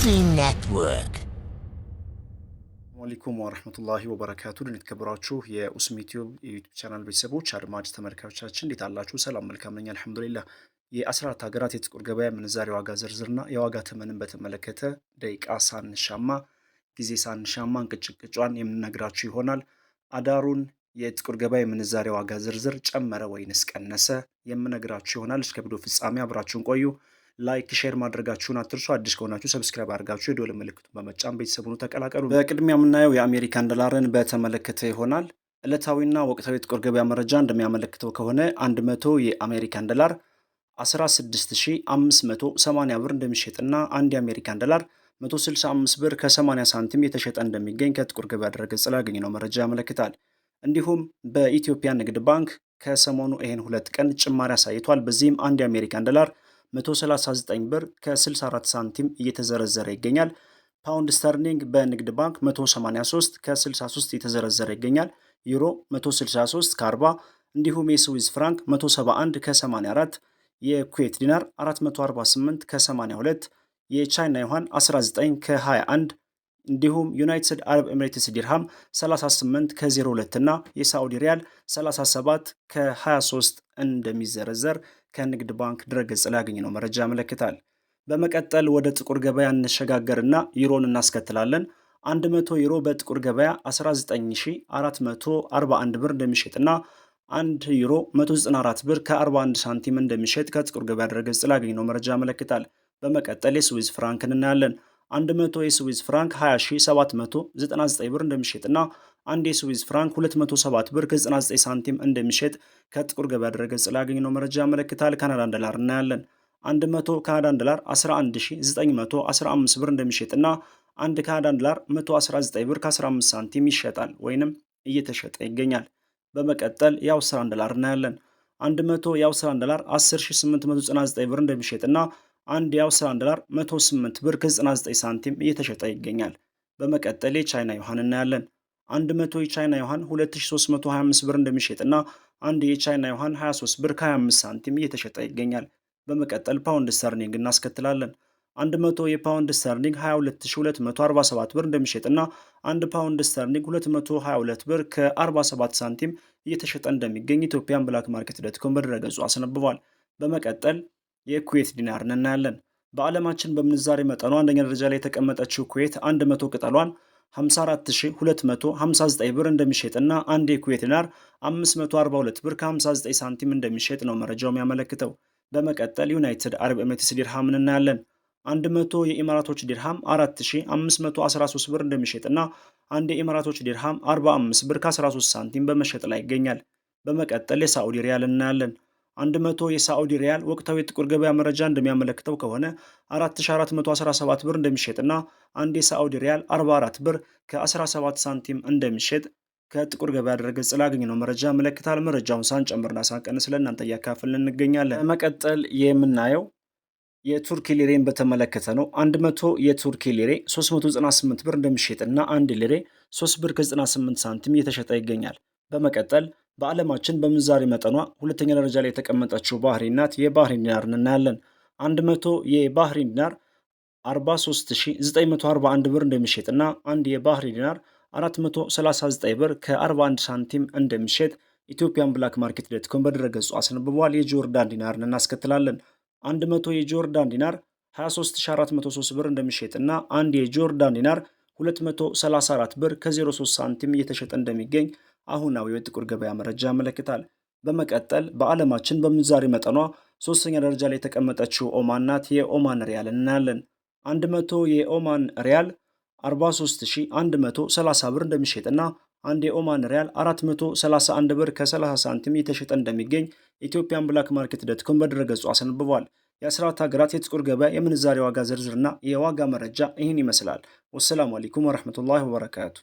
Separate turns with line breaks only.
Network አሰላሙአለይኩም ወረህመቱላሂ ወበረካቱ። የተከበራችሁ የኡስሚ ቲዩብ የዩቱብ ቻናል ቤተሰቦች አድማጭ ተመልካዮቻችን እንዴት አላችሁ? ሰላም መልካም ነኝ አልሐምዱሊላህ። የአስራ አራት ሀገራት የጥቁር ገበያ ምንዛሬ ዋጋ ዝርዝርና የዋጋ ተመንን በተመለከተ ደቂቃ ሳንሻማ ጊዜ ሳንሻማ እንቅጭቅጯን የምንነግራችሁ ይሆናል። አዳሩን የጥቁር ገበያ ምንዛሬ ዋጋ ዝርዝር ጨመረ ወይንስ ቀነሰ የምነግራችሁ ይሆናል። እስከ ቪዲዮ ፍጻሜ አብራችሁን ቆዩ። ላይክ፣ ሼር ማድረጋችሁን አትርሱ። አዲስ ከሆናችሁ ሰብስክራይብ አድርጋችሁ የዶል ምልክቱን በመጫን ቤተሰቡ ተቀላቀሉ። በቅድሚያ የምናየው የአሜሪካን ዶላርን በተመለከተ ይሆናል። ዕለታዊና ወቅታዊ ጥቁር ገበያ መረጃ እንደሚያመለክተው ከሆነ 100 የአሜሪካን ዶላር 16580 ብር እንደሚሸጥና አንድ የአሜሪካን ዶላር 165 ብር ከ80 ሳንቲም የተሸጠ እንደሚገኝ ከጥቁር ገበያ ድረገጽ ላይ ያገኘነው መረጃ ያመለክታል። እንዲሁም በኢትዮጵያ ንግድ ባንክ ከሰሞኑ ይህን ሁለት ቀን ጭማሪ አሳይቷል። በዚህም አንድ የአሜሪካን ዶላር 139 ብር ከ64 ሳንቲም እየተዘረዘረ ይገኛል። ፓውንድ ስተርሊንግ በንግድ ባንክ 183 ከ63 እየተዘረዘረ ይገኛል። ዩሮ 163 ከ40 እንዲሁም የስዊዝ ፍራንክ 171 ከ84 የኩዌት ዲናር 448 ከ82 የቻይና ዮሐን 19 ከ21 እንዲሁም ዩናይትድ አረብ ኤምሬትስ ዲርሃም 38 ከ02 እና የሳዑዲ ሪያል 37 ከ23 እንደሚዘረዘር ከንግድ ባንክ ድረገጽ ላይ ነው መረጃ ያመለክታል። በመቀጠል ወደ ጥቁር ገበያ እንሸጋገርና ዩሮን እናስከትላለን። 100 ዩሮ በጥቁር ገበያ 19441 ብር እንደሚሸጥና 1 ዩሮ 194 ብር ከ41 ሳንቲም እንደሚሸጥ ከጥቁር ገበያ ድረገጽ ላይ ነው መረጃ ያመለክታል። በመቀጠል የስዊዝ ፍራንክ እናያለን። 100 የስዊዝ ፍራንክ 20799 ብር እንደሚሸጥና አንድ የስዊዝ ፍራንክ 207 ብር ከ99 ሳንቲም እንደሚሸጥ ከጥቁር ገበያ ድረገጽ ላይ ያገኘነው መረጃ ያመለክታል። ካናዳን ዶላር እናያለን። 100 ካናዳን ዶላር 11915 ብር እንደሚሸጥና አንድ ካናዳን ዶላር 119 ብር ከ15 ሳንቲም ይሸጣል ወይንም እየተሸጠ ይገኛል። በመቀጠል የአውስትራሊያን ዶላር እናያለን። 100 የአውስትራሊያን ዶላር 10899 ብር እንደሚሸጥና አንድ የአውስትራሊያን ዶላር 108 ብር ከ99 ሳንቲም እየተሸጠ ይገኛል። በመቀጠል የቻይና ዩዋን እናያለን። 100 የቻይና ዮሐን 2325 ብር እንደሚሸጥና አንድ የቻይና ዮሐን 23 ብር ከ25 ሳንቲም እየተሸጠ ይገኛል። በመቀጠል ፓውንድ ስተርሊንግ እናስከትላለን። 100 የፓውንድ ስተርሊንግ 22247 ብር እንደሚሸጥና አንድ ፓውንድ ስተርሊንግ 222 ብር ከ47 ሳንቲም እየተሸጠ እንደሚገኝ ኢትዮጵያን ብላክ ማርኬት ዶትኮም በድረገጹ አስነብቧል። በመቀጠል የኩዌት ዲናርን እናያለን። በዓለማችን በምንዛሬ መጠኑ አንደኛ ደረጃ ላይ የተቀመጠችው ኩዌት 100 ቅጠሏን 54259 ብር እንደሚሸጥና አንድ የኩዌት ዲናር 542 ብር ከ59 ሳንቲም እንደሚሸጥ ነው መረጃው የሚያመለክተው። በመቀጠል ዩናይትድ አረብ ኤምሬትስ ዲርሃምን እናያለን። 100 የኢማራቶች ዲርሃም 4513 ብር እንደሚሸጥና አንድ የኢማራቶች ዲርሃም 45 ብር ከ13 ሳንቲም በመሸጥ ላይ ይገኛል። በመቀጠል የሳዑዲ ሪያል እናያለን። 100 የሳዑዲ ሪያል ወቅታዊ የጥቁር ገበያ መረጃ እንደሚያመለክተው ከሆነ 4417 ብር እንደሚሸጥና አንድ የሳዑዲ ሪያል 44 ብር ከ17 ሳንቲም እንደሚሸጥ ከጥቁር ገበያ ድረገጽ ነው መረጃ ያመለክታል። መረጃውን ሳንጨምርና ሳንቀንስ ለእናንተ እያካፍል እንገኛለን። በመቀጠል የምናየው የቱርኪ ሊሬን በተመለከተ ነው። 100 የቱርኪ ሊሬ 398 ብር እንደሚሸጥና አንድ ሊሬ 3 ብር ከ98 ሳንቲም እየተሸጠ ይገኛል። በመቀጠል በዓለማችን በምንዛሬ መጠኗ ሁለተኛ ደረጃ ላይ የተቀመጠችው ባህሬን ናት። የባህሬን ዲናርን እናያለን። 100 የባህሬን ዲናር 43941 ብር እንደሚሸጥ እና አንድ የባህሬን ዲናር 439 ብር ከ41 ሳንቲም እንደሚሸጥ ኢትዮጵያን ብላክ ማርኬት ዶት ኮም በድረገጹ አስነብቧል። የጆርዳን ዲናርን እናስከትላለን። 100 የጆርዳን ዲናር 23403 ብር እንደሚሸጥ እና አንድ የጆርዳን ዲናር 234 ብር ከ03 ሳንቲም እየተሸጠ እንደሚገኝ አሁናዊ የጥቁር ገበያ መረጃ ያመለክታል። በመቀጠል በዓለማችን በምንዛሬ መጠኗ ሶስተኛ ደረጃ ላይ የተቀመጠችው ኦማን ናት። የኦማን ሪያል እናያለን። 100 የኦማን ሪያል 43130 ብር እንደሚሸጥና አንድ የኦማን ሪያል 431 ብር ከ30 ሳንቲም የተሸጠ እንደሚገኝ ኢትዮጵያን ብላክ ማርኬት ዶትኮም በድረገጹ አስነብቧል የአስራት ሀገራት የጥቁር ገበያ የምንዛሬ ዋጋ ዝርዝርና የዋጋ መረጃ ይህን ይመስላል። ወሰላሙ አሌይኩም ወረህመቱላሂ ወበረካቱ።